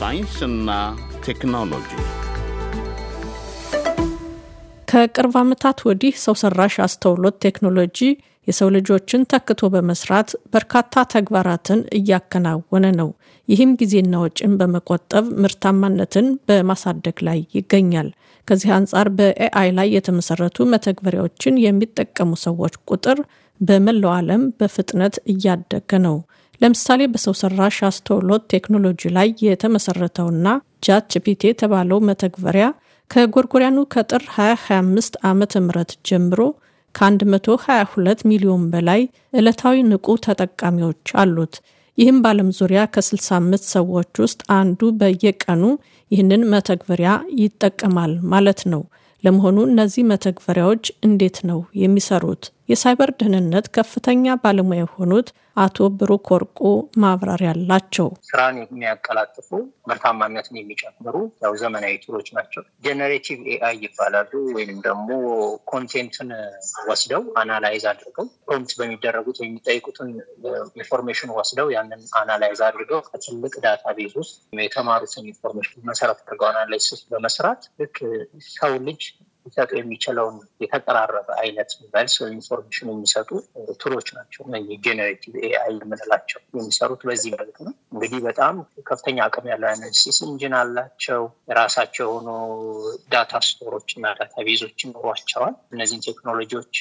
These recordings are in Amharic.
ሳይንስና ቴክኖሎጂ ከቅርብ ዓመታት ወዲህ ሰው ሰራሽ አስተውሎት ቴክኖሎጂ የሰው ልጆችን ተክቶ በመስራት በርካታ ተግባራትን እያከናወነ ነው። ይህም ጊዜና ወጪን በመቆጠብ ምርታማነትን በማሳደግ ላይ ይገኛል። ከዚህ አንጻር በኤአይ ላይ የተመሰረቱ መተግበሪያዎችን የሚጠቀሙ ሰዎች ቁጥር በመላው ዓለም በፍጥነት እያደገ ነው። ለምሳሌ በሰው ሰራሽ አስተውሎት ቴክኖሎጂ ላይ የተመሰረተውና ጃት ጂፒቲ የተባለው መተግበሪያ ከጎርጎሪያኑ ከጥር 2025 ዓመተ ምህረት ጀምሮ ከ122 ሚሊዮን በላይ ዕለታዊ ንቁ ተጠቃሚዎች አሉት። ይህም በዓለም ዙሪያ ከ65 ሰዎች ውስጥ አንዱ በየቀኑ ይህንን መተግበሪያ ይጠቀማል ማለት ነው። ለመሆኑ እነዚህ መተግበሪያዎች እንዴት ነው የሚሰሩት? የሳይበር ደህንነት ከፍተኛ ባለሙያ የሆኑት አቶ ብሩክ ወርቁ ማብራሪያ አላቸው። ስራን የሚያቀላጥፉ ምርታማነትን የሚጨምሩ ያው ዘመናዊ ቱሎች ናቸው። ጀነሬቲቭ ኤአይ ይባላሉ። ወይም ደግሞ ኮንቴንትን ወስደው አናላይዝ አድርገው ፕሮምፕት በሚደረጉት የሚጠይቁትን ኢንፎርሜሽን ወስደው ያንን አናላይዝ አድርገው ከትልቅ ዳታ ቤዝ ውስጥ የተማሩትን ኢንፎርሜሽን መሰረት አድርገው በመስራት ልክ ሰው ልጅ ሊሰጡ የሚችለውን የተቀራረበ አይነት መልስ ወይም ኢንፎርሜሽን የሚሰጡ ቱሎች ናቸው። ጄኔሬቲቭ ኤአይ የምንላቸው የሚሰሩት በዚህ መልክ ነው። እንግዲህ በጣም ከፍተኛ አቅም ያለው አናሊሲስ ኢንጂን አላቸው። የራሳቸው የሆኑ ዳታ ስቶሮች እና ዳታ ቤዞች ይኖሯቸዋል። እነዚህን ቴክኖሎጂዎች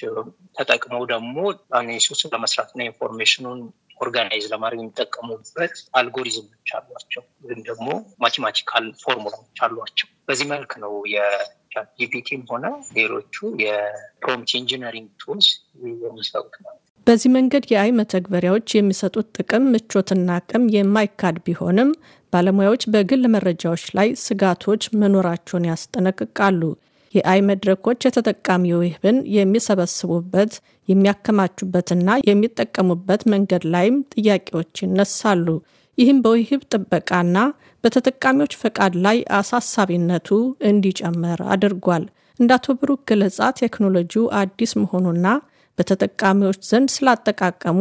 ተጠቅመው ደግሞ ለመስራት ለመስራትና ኢንፎርሜሽኑን ኦርጋናይዝ ለማድረግ የሚጠቀሙበት አልጎሪዝሞች አሏቸው፣ ወይም ደግሞ ማቴማቲካል ፎርሙላዎች አሏቸው። በዚህ መልክ ነው ጂፒቲም ሆነ ሌሎቹ የፕሮምፕት ኢንጂነሪንግ ቱልስ የሚሰሩት ማለት ነው። በዚህ መንገድ የአይ መተግበሪያዎች የሚሰጡት ጥቅም ምቾትና አቅም የማይካድ ቢሆንም ባለሙያዎች በግል መረጃዎች ላይ ስጋቶች መኖራቸውን ያስጠነቅቃሉ። የአይ መድረኮች የተጠቃሚው ይህብን የሚሰበስቡበት የሚያከማቹበትና የሚጠቀሙበት መንገድ ላይም ጥያቄዎች ይነሳሉ። ይህም በውህብ ጥበቃና በተጠቃሚዎች ፈቃድ ላይ አሳሳቢነቱ እንዲጨምር አድርጓል። እንደ አቶ ብሩክ ገለጻ ቴክኖሎጂው አዲስ መሆኑና በተጠቃሚዎች ዘንድ ስላጠቃቀሙ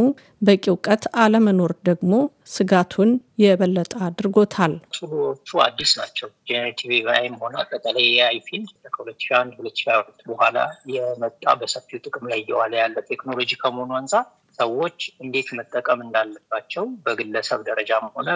በቂ እውቀት አለመኖር ደግሞ ስጋቱን የበለጠ አድርጎታል። ቱሎቹ አዲስ ናቸው። ጄኔሬቲቭ ኤአይም ሆነ አጠቃላይ የኤአይ ፊልድ ከሁለት ሺህ አንድ ሁለት ሺህ ሁለት በኋላ የመጣ በሰፊው ጥቅም ላይ እየዋለ ያለ ቴክኖሎጂ ከመሆኑ አንጻር ሰዎች እንዴት መጠቀም እንዳለባቸው በግለሰብ ደረጃም ሆነ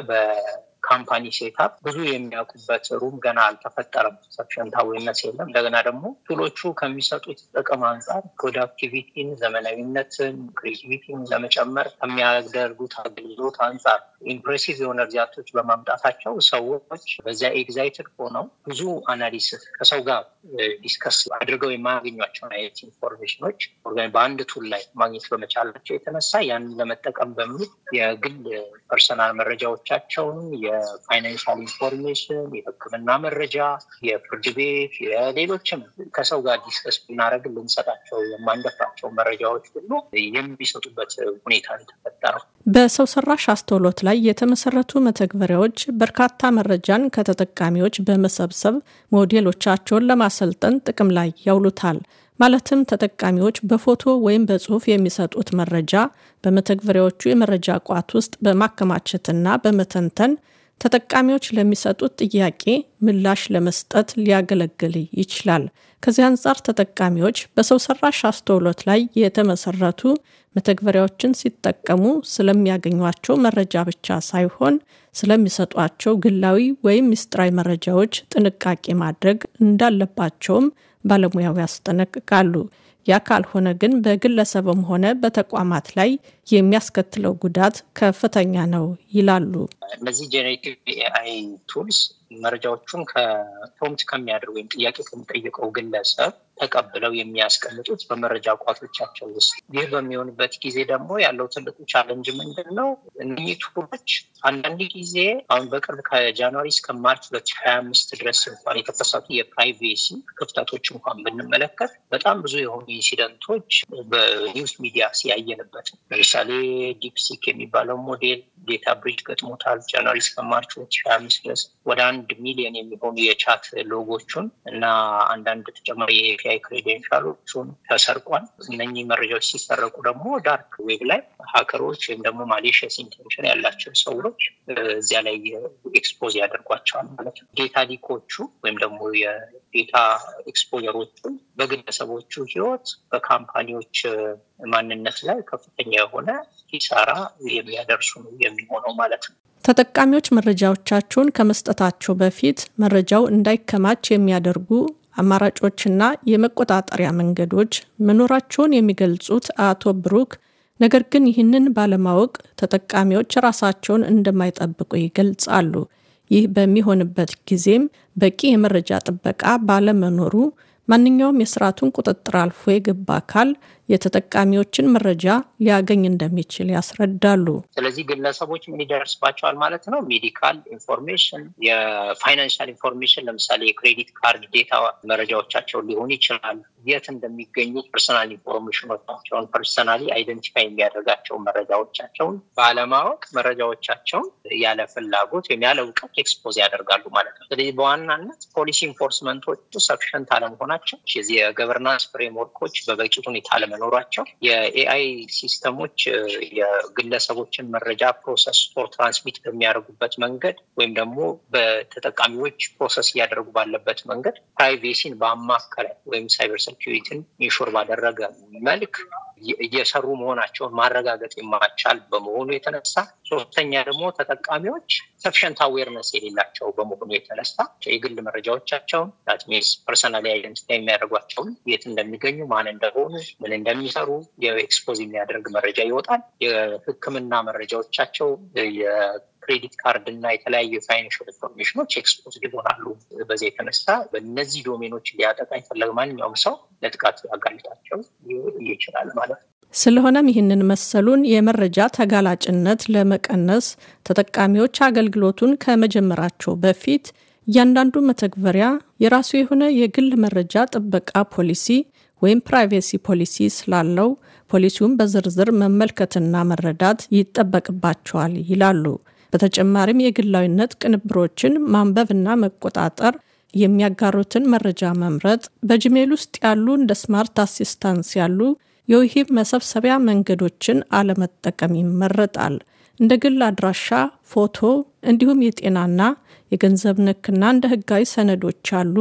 ካምፓኒ ሴታፕ ብዙ የሚያውቁበት ሩም ገና አልተፈጠረም። ሰክሽን ታዊነት የለም። እንደገና ደግሞ ቱሎቹ ከሚሰጡት ጥቅም አንጻር ፕሮዳክቲቪቲን፣ ዘመናዊነትን፣ ክሬቲቪቲን ለመጨመር ከሚያደርጉት አገልግሎት አንጻር ኢምፕሬሲቭ የሆነ ርዚያቶች በማምጣታቸው ሰዎች በዚያ ኤግዛይትድ ሆነው ብዙ አናሊሲስ ከሰው ጋር ዲስከስ አድርገው የማያገኟቸውን አይነት ኢንፎርሜሽኖች በአንድ ቱል ላይ ማግኘት በመቻላቸው የተነሳ ያንን ለመጠቀም በሚል የግል ፐርሰናል መረጃዎቻቸውን የ የፋይናንሻል ኢንፎርሜሽን፣ የህክምና መረጃ፣ የፍርድ ቤት፣ የሌሎችም ከሰው ጋር ዲስከስ ብናደረግ ልንሰጣቸው የማንደፍራቸው መረጃዎች ሁሉ የሚሰጡበት ሁኔታ የተፈጠረው። በሰው ሰራሽ አስተውሎት ላይ የተመሰረቱ መተግበሪያዎች በርካታ መረጃን ከተጠቃሚዎች በመሰብሰብ ሞዴሎቻቸውን ለማሰልጠን ጥቅም ላይ ያውሉታል። ማለትም ተጠቃሚዎች በፎቶ ወይም በጽሁፍ የሚሰጡት መረጃ በመተግበሪያዎቹ የመረጃ ቋት ውስጥ በማከማቸትና በመተንተን ተጠቃሚዎች ለሚሰጡት ጥያቄ ምላሽ ለመስጠት ሊያገለግል ይችላል። ከዚህ አንጻር ተጠቃሚዎች በሰው ሰራሽ አስተውሎት ላይ የተመሰረቱ መተግበሪያዎችን ሲጠቀሙ ስለሚያገኟቸው መረጃ ብቻ ሳይሆን ስለሚሰጧቸው ግላዊ ወይም ምስጢራዊ መረጃዎች ጥንቃቄ ማድረግ እንዳለባቸውም ባለሙያው ያስጠነቅቃሉ። ያ ካልሆነ ግን በግለሰብም ሆነ በተቋማት ላይ የሚያስከትለው ጉዳት ከፍተኛ ነው ይላሉ። እነዚህ ጄኔሬቲቭ ኤአይ ቱልስ መረጃዎቹን ከፕሮምት ከሚያደርግ ወይም ጥያቄ ከሚጠይቀው ግለሰብ ተቀብለው የሚያስቀምጡት በመረጃ ቋቶቻቸው ውስጥ። ይህ በሚሆንበት ጊዜ ደግሞ ያለው ትልቁ ቻለንጅ ምንድን ነው? እኒህ ቱሎች አንዳንድ ጊዜ አሁን በቅርብ ከጃንዋሪ እስከ ማርች ሁለት ሺህ ሀያ አምስት ድረስ እንኳን የተከሰቱ የፕራይቬሲ ክፍተቶች እንኳን ብንመለከት በጣም ብዙ የሆኑ ኢንሲደንቶች በኒውስ ሚዲያ ሲያየንበት፣ ለምሳሌ ዲፕሲክ የሚባለው ሞዴል ዴታ ብሪጅ ገጥሞታል። ጃንዋሪ እስከ ማርች ሁለት ሺህ ሀያ አምስት ድረስ ወደ አንድ ሚሊዮን የሚሆኑ የቻት ሎጎቹን እና አንዳንድ ተጨማሪ የኤፒአይ ሚዲያ ክሬዴንሻሎቹን ተሰርቋል። እነኚህ መረጃዎች ሲሰረቁ ደግሞ ዳርክ ዌብ ላይ ሀከሮች ወይም ደግሞ ማሌሽስ ኢንቴንሽን ያላቸው ሰዎች እዚያ ላይ ኤክስፖዝ ያደርጓቸዋል ማለት ነው። ዴታ ሊኮቹ ወይም ደግሞ የዴታ ኤክስፖዘሮቹ በግለሰቦቹ ህይወት፣ በካምፓኒዎች ማንነት ላይ ከፍተኛ የሆነ ኪሳራ የሚያደርሱ ነው የሚሆነው ማለት ነው። ተጠቃሚዎች መረጃዎቻቸውን ከመስጠታቸው በፊት መረጃው እንዳይከማች የሚያደርጉ አማራጮችና የመቆጣጠሪያ መንገዶች መኖራቸውን የሚገልጹት አቶ ብሩክ፣ ነገር ግን ይህንን ባለማወቅ ተጠቃሚዎች ራሳቸውን እንደማይጠብቁ ይገልጻሉ። ይህ በሚሆንበት ጊዜም በቂ የመረጃ ጥበቃ ባለመኖሩ ማንኛውም የስርዓቱን ቁጥጥር አልፎ የገባ አካል የተጠቃሚዎችን መረጃ ሊያገኝ እንደሚችል ያስረዳሉ። ስለዚህ ግለሰቦች ምን ይደርስባቸዋል ማለት ነው? ሜዲካል ኢንፎርሜሽን፣ የፋይናንሻል ኢንፎርሜሽን ለምሳሌ የክሬዲት ካርድ ዴታ መረጃዎቻቸው ሊሆን ይችላል። የት እንደሚገኙ ፐርሰናል ኢንፎርሜሽኖቻቸውን፣ ፐርሰናሊ አይደንቲፋይ የሚያደርጋቸው መረጃዎቻቸውን ባለማወቅ መረጃዎቻቸውን ያለ ፍላጎት ወይም ያለ እውቀት ኤክስፖዝ ያደርጋሉ ማለት ነው። ስለዚህ በዋናነት ፖሊሲ ኢንፎርስመንቶቹ ሰፊሽንት አለመሆናቸው የዚህ የገቨርናንስ ፍሬምወርኮች በበቂ ሁኔታ ባለመኖራቸው የኤአይ ሲስተሞች የግለሰቦችን መረጃ ፕሮሰስ ፎር ትራንስሚት በሚያደርጉበት መንገድ ወይም ደግሞ በተጠቃሚዎች ፕሮሰስ እያደረጉ ባለበት መንገድ ፕራይቬሲን በአማከለ ወይም ሳይበር ሴኪሪቲን ኢንሹር ባደረገ መልክ እየሰሩ መሆናቸውን ማረጋገጥ የማቻል በመሆኑ የተነሳ ሶስተኛ ደግሞ ተጠቃሚዎች ሰፊሸንት አዌርነስ የሌላቸው በመሆኑ የተነሳ የግል መረጃዎቻቸውን ዳትሜስ ፐርሰናል አይደንቲቲ የሚያደርጓቸውን የት እንደሚገኙ፣ ማን እንደሆኑ፣ ምን እንደሚሰሩ የኤክስፖዝ የሚያደርግ መረጃ ይወጣል። የህክምና መረጃዎቻቸው ክሬዲት ካርድ እና የተለያዩ ፋይናንሽል ኢንፎርሜሽኖች ኤክስፖዝ ይሆናሉ። በዚ የተነሳ በእነዚህ ዶሜኖች ሊያጠቃኝ ፈለግ ማንኛውም ሰው ለጥቃት ያጋልጣቸው ይችላል ማለት ነው። ስለሆነም ይህንን መሰሉን የመረጃ ተጋላጭነት ለመቀነስ ተጠቃሚዎች አገልግሎቱን ከመጀመራቸው በፊት እያንዳንዱ መተግበሪያ የራሱ የሆነ የግል መረጃ ጥበቃ ፖሊሲ ወይም ፕራይቬሲ ፖሊሲ ስላለው ፖሊሲውን በዝርዝር መመልከትና መረዳት ይጠበቅባቸዋል ይላሉ። በተጨማሪም የግላዊነት ቅንብሮችን ማንበብና መቆጣጠር፣ የሚያጋሩትን መረጃ መምረጥ፣ በጂሜል ውስጥ ያሉ እንደ ስማርት አሲስታንስ ያሉ የውሂብ መሰብሰቢያ መንገዶችን አለመጠቀም ይመረጣል። እንደ ግል አድራሻ፣ ፎቶ እንዲሁም የጤናና የገንዘብ ነክና እንደ ህጋዊ ሰነዶች ያሉ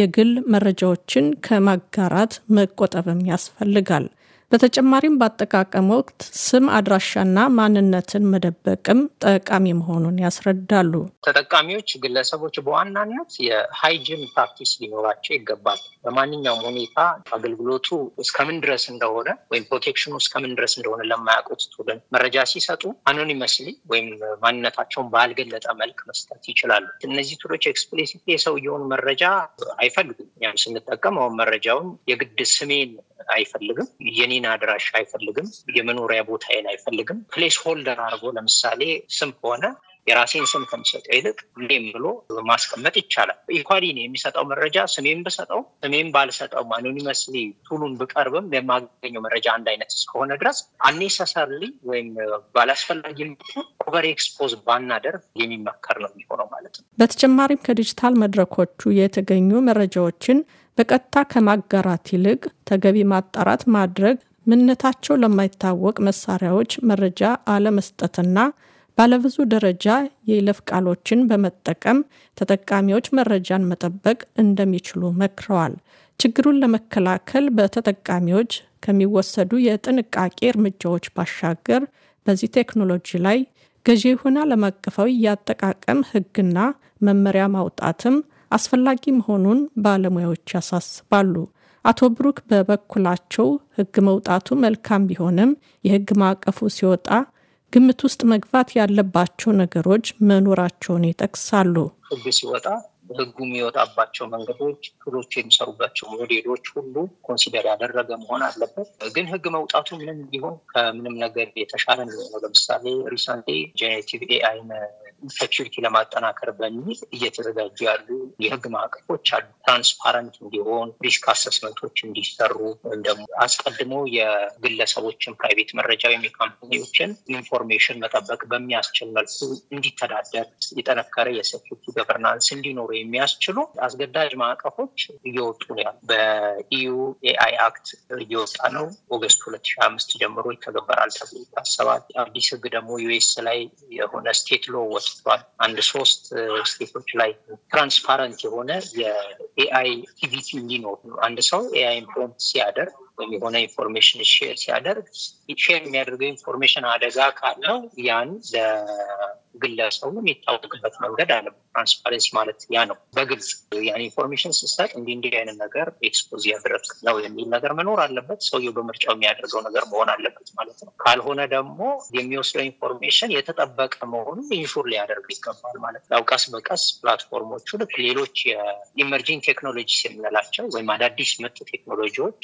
የግል መረጃዎችን ከማጋራት መቆጠብም ያስፈልጋል። በተጨማሪም በአጠቃቀም ወቅት ስም አድራሻና ማንነትን መደበቅም ጠቃሚ መሆኑን ያስረዳሉ። ተጠቃሚዎች ግለሰቦች በዋናነት የሃይጂን ፕራክቲስ ሊኖራቸው ይገባል። በማንኛውም ሁኔታ አገልግሎቱ እስከምን ድረስ እንደሆነ ወይም ፕሮቴክሽኑ እስከምን ድረስ እንደሆነ ለማያውቁት ስቱደንት መረጃ ሲሰጡ አኖኒመስሊ ወይም ማንነታቸውን ባልገለጠ መልክ መስጠት ይችላሉ። እነዚህ ቱሎች ኤክስፕሊሲት የሰውየውን መረጃ አይፈልጉም። ያም ስንጠቀም አሁን መረጃውን የግድ ስሜን አይፈልግም። የኔን አድራሽ አይፈልግም። የመኖሪያ ቦታዬን አይፈልግም። ፕሌስ ሆልደር አድርጎ ለምሳሌ ስም ከሆነ የራሴን ስም ከምሰጠው ይልቅ እንዴም ብሎ ማስቀመጥ ይቻላል። ኢኳሊ የሚሰጠው መረጃ ስሜን ብሰጠው ስሜን ባልሰጠው አኖኒመስሊ ቱሉን ብቀርብም የማገኘው መረጃ አንድ አይነት እስከሆነ ድረስ አኔሰሰርሊ ወይም ባላስፈላጊ ኦቨር ኤክስፖዝ ባናደርግ የሚመከር ነው የሚሆነው ማለት ነው። በተጨማሪም ከዲጂታል መድረኮቹ የተገኙ መረጃዎችን በቀጥታ ከማጋራት ይልቅ ተገቢ ማጣራት ማድረግ፣ ምንነታቸው ለማይታወቅ መሳሪያዎች መረጃ አለመስጠትና ባለብዙ ደረጃ የይለፍ ቃሎችን በመጠቀም ተጠቃሚዎች መረጃን መጠበቅ እንደሚችሉ መክረዋል። ችግሩን ለመከላከል በተጠቃሚዎች ከሚወሰዱ የጥንቃቄ እርምጃዎች ባሻገር በዚህ ቴክኖሎጂ ላይ ገዢ የሆነ ዓለም አቀፋዊ የአጠቃቀም ሕግና መመሪያ ማውጣትም አስፈላጊ መሆኑን ባለሙያዎች ያሳስባሉ። አቶ ብሩክ በበኩላቸው ሕግ መውጣቱ መልካም ቢሆንም የሕግ ማዕቀፉ ሲወጣ ግምት ውስጥ መግባት ያለባቸው ነገሮች መኖራቸውን ይጠቅሳሉ። ሕግ ሲወጣ በህጉ የሚወጣባቸው መንገዶች ክሎች የሚሰሩባቸው ሞዴሎች ሁሉ ኮንሲደር ያደረገ መሆን አለበት። ግን ህግ መውጣቱ ምንም ቢሆን ከምንም ነገር የተሻለ ነው። ለምሳሌ ሪሰንት ጄኔሬቲቭ ኤአይን ኢንፌክሽሪቲ ለማጠናከር በሚል እየተዘጋጁ ያሉ የህግ ማዕቀፎች አሉ። ትራንስፓረንት እንዲሆን ሪስክ አሰስመንቶች እንዲሰሩ ወይም ደግሞ አስቀድሞ የግለሰቦችን ፕራይቬት መረጃ ወይም የካምፓኒዎችን ኢንፎርሜሽን መጠበቅ በሚያስችል መልኩ እንዲተዳደር የጠነከረ የሴኪሪቲ ገቨርናንስ እንዲኖሩ የሚያስችሉ አስገዳጅ ማዕቀፎች እየወጡ ነው ያሉ። በኢዩ ኤአይ አክት እየወጣ ነው። ኦገስት ሁለት ሺህ አምስት ጀምሮ ይተገበራል ተብሎ ይታሰባል። አዲስ ህግ ደግሞ ዩኤስ ላይ የሆነ ስቴት ሎ ወጥ ተከስቷል። አንድ ሶስት ስቴቶች ላይ ትራንስፓረንት የሆነ የኤአይ ቲቪቲ እንዲኖር ነው። አንድ ሰው ኤአይ ፕሮምፕት ሲያደርግ ወይም የሆነ ኢንፎርሜሽን ሼር ሲያደርግ ሼር የሚያደርገው ኢንፎርሜሽን አደጋ ካለው ያን ግለሰቡ የሚታወቅበት መንገድ አለ። ትራንስፓረንሲ ማለት ያ ነው። በግልጽ ኢንፎርሜሽን ስሰጥ እንዲ እንዲህ አይነት ነገር ኤክስፖዝ ያድረግ ነው የሚል ነገር መኖር አለበት። ሰውየው በምርጫው የሚያደርገው ነገር መሆን አለበት ማለት ነው። ካልሆነ ደግሞ የሚወስደው ኢንፎርሜሽን የተጠበቀ መሆኑን ኢንሹር ሊያደርግ ይገባል ማለት ነው። ቀስ በቀስ ፕላትፎርሞቹ ልክ ሌሎች የኢመርጂንግ ቴክኖሎጂ የምንላቸው ወይም አዳዲስ መጡ ቴክኖሎጂዎች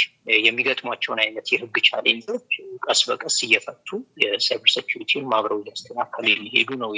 የሚገጥሟቸውን አይነት የህግ ቻሌንጆች ቀስ በቀስ እየፈቱ የሳይበር ሴኪሪቲን ማብረው እያስተካከሉ የሚሄዱ ነው